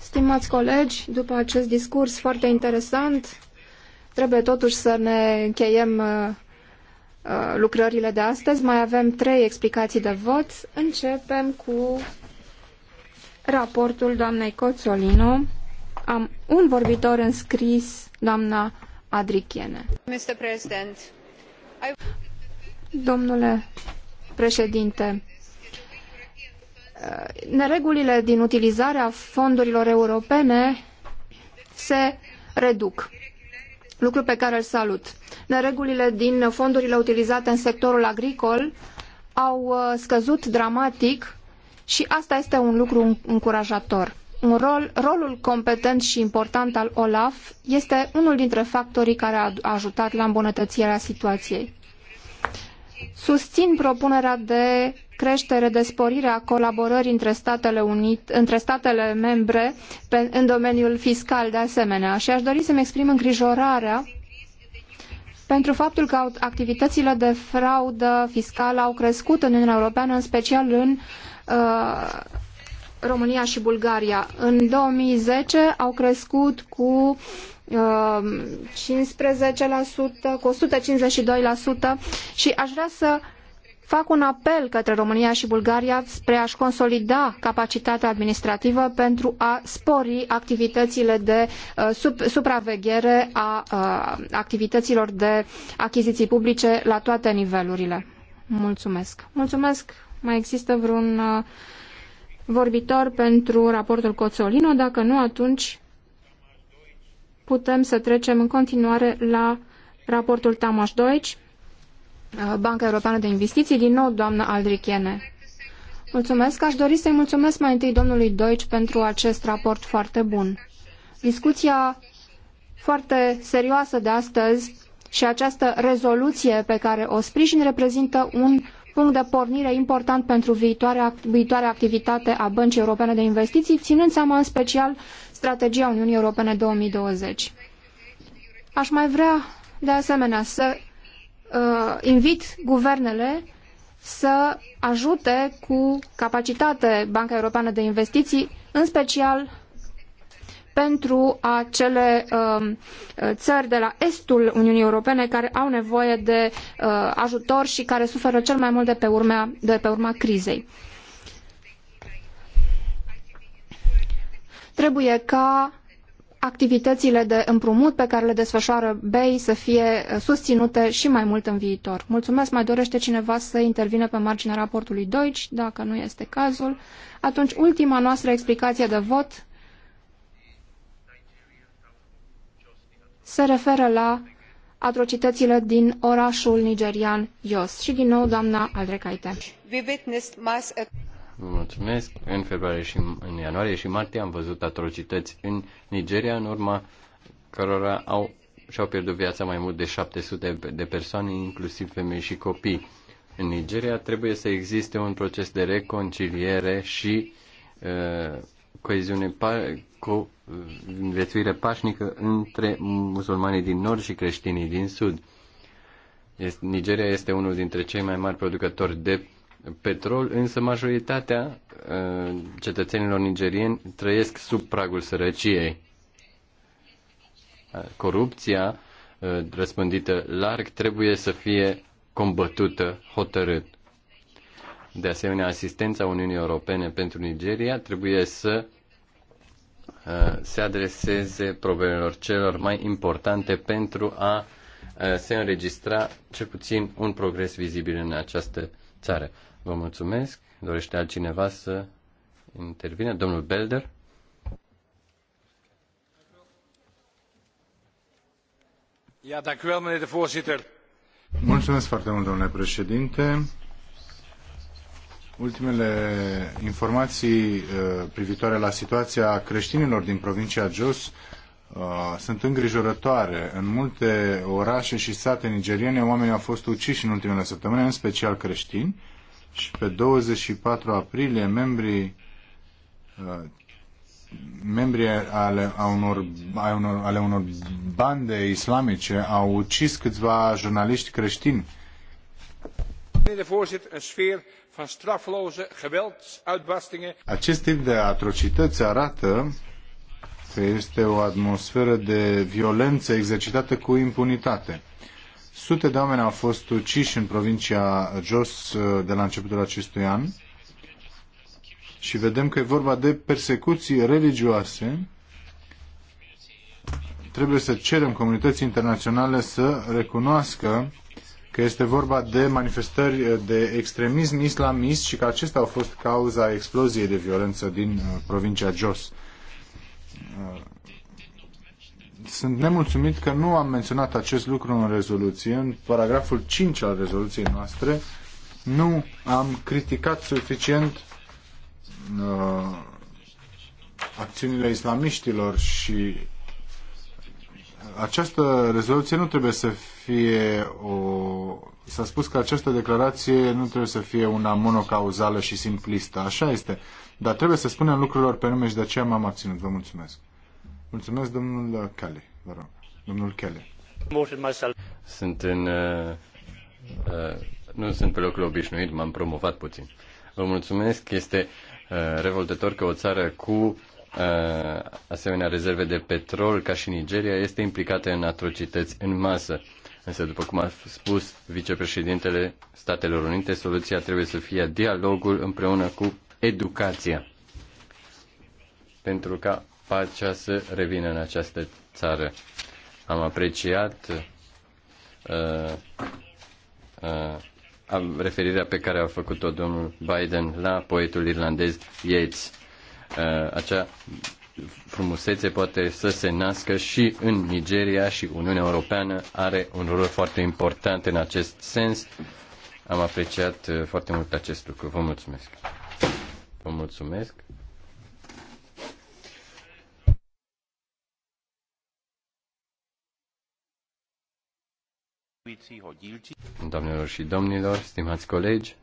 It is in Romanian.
Stimați colegi, după acest discurs foarte interesant, trebuie totuși să ne încheiem uh, uh, lucrările de astăzi. Mai avem trei explicații de vot. Începem cu raportul doamnei Coțolino. Am un vorbitor înscris, doamna Adrichiene. Domnule președinte, neregulile din utilizarea fondurilor europene se reduc, lucru pe care îl salut. Neregulile din fondurile utilizate în sectorul agricol au uh, scăzut dramatic și asta este un lucru încurajator. Un rol, rolul competent și important al OLAF este unul dintre factorii care a ajutat la îmbunătățirea situației. Susțin propunerea de creștere de sporire a colaborării între statele, unite, între statele membre pe, în domeniul fiscal de asemenea. Și aș dori să-mi exprim îngrijorarea pentru faptul că activitățile de fraudă fiscală au crescut în Uniunea Europeană, în special în uh, România și Bulgaria. În 2010 au crescut cu uh, 15%, cu 152% și aș vrea să fac un apel către România și Bulgaria spre a-și consolida capacitatea administrativă pentru a spori activitățile de uh, supraveghere a uh, activităților de achiziții publice la toate nivelurile. Mulțumesc. Mulțumesc. Mai există vreun uh, vorbitor pentru raportul Coțolino? Dacă nu, atunci putem să trecem în continuare la raportul Tamas Deutsch Uh, Banca Europeană de Investiții, din nou doamna Aldrichene. Mulțumesc, aș dori să-i mulțumesc mai întâi domnului Deutsch pentru acest raport foarte bun. Discuția foarte serioasă de astăzi și această rezoluție pe care o sprijin reprezintă un punct de pornire important pentru viitoarea, viitoarea activitate a Băncii Europene de Investiții, ținând seama în special strategia Uniunii Europene 2020. Aș mai vrea, de asemenea, să uh, invit guvernele să ajute cu capacitate Banca Europeană de Investiții, în special pentru acele uh, țări de la estul Uniunii Europene care au nevoie de uh, ajutor și care suferă cel mai mult de pe, urmea, de pe urma crizei. Trebuie ca activitățile de împrumut pe care le desfășoară BEI să fie uh, susținute și mai mult în viitor. Mulțumesc, mai dorește cineva să intervină pe marginea raportului Deutsch, dacă nu este cazul. Atunci, ultima noastră explicație de vot se referă la atrocitățile din orașul nigerian Jos. Și din nou, doamna Aldrecaite. Vă mulțumesc. În februarie și în ianuarie și martie am văzut atrocități în Nigeria, în urma cărora au, și-au pierdut viața mai mult de 700 de persoane, inclusiv femei și copii. În Nigeria trebuie să existe un proces de reconciliere și uh, coeziune cu uh, învețuire pașnică între musulmanii din nord și creștinii din sud. Nigeria este unul dintre cei mai mari producători de petrol, însă majoritatea uh, cetățenilor nigerieni trăiesc sub pragul sărăciei. Uh, corupția uh, răspândită larg trebuie să fie combătută hotărât. De asemenea, asistența Uniunii Europene pentru Nigeria trebuie să se adreseze problemelor celor mai importante pentru a Eh, se înregistra cel puțin un progres vizibil în această țară. Vă mulțumesc. Dorește altcineva să intervine? Domnul Belder? Mulțumesc foarte mult, domnule președinte. Ultimele informații eh, privitoare la situația creștinilor din provincia Jos Uh, sunt îngrijorătoare. În multe orașe și sate nigeriene oamenii au fost uciși în ultimele săptămâni, în special creștini, și pe 24 aprilie membrii uh, membrii ale a unor, a unor, ale unor bande islamice au ucis câțiva jurnaliști creștini. Acest tip de atrocități arată că este o atmosferă de violență exercitată cu impunitate. Sute de oameni au fost uciși în provincia Jos uh, de la începutul acestui an și vedem că e vorba de persecuții religioase. Trebuie să cerem comunității internaționale să recunoască că este vorba de manifestări de extremism islamist și că acestea au fost cauza exploziei de violență din uh, provincia Jos. Uh, sunt nemulțumit că nu am menționat acest lucru în rezoluție. În paragraful 5 al rezoluției noastre nu am criticat suficient uh, acțiunile islamiștilor și această rezoluție nu trebuie să fie o... S-a spus că această declarație nu trebuie să fie una monocauzală și simplistă. Așa este. Dar trebuie să spunem lucrurilor pe nume și de aceea m-am abținut. Vă mulțumesc. Mulțumesc, domnul Kelly. Vă rog. Domnul Kelly. Sunt în... Uh, uh, nu sunt pe locul obișnuit, m-am promovat puțin. Vă mulțumesc. Este uh, revoltător că o țară cu asemenea rezerve de petrol ca și Nigeria este implicată în atrocități în masă. Însă, după cum a spus vicepreședintele Statelor Unite, soluția trebuie să fie dialogul împreună cu educația pentru ca pacea să revină în această țară. Am apreciat uh, uh, referirea pe care a făcut-o domnul Biden la poetul irlandez Yeats Uh, acea frumusețe poate să se nască și în Nigeria și Uniunea Europeană are un rol foarte important în acest sens. Am apreciat uh, foarte mult acest lucru. Vă mulțumesc. Vă mulțumesc. Doamnelor și domnilor, stimați colegi,